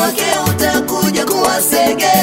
wake utakuja kuwasege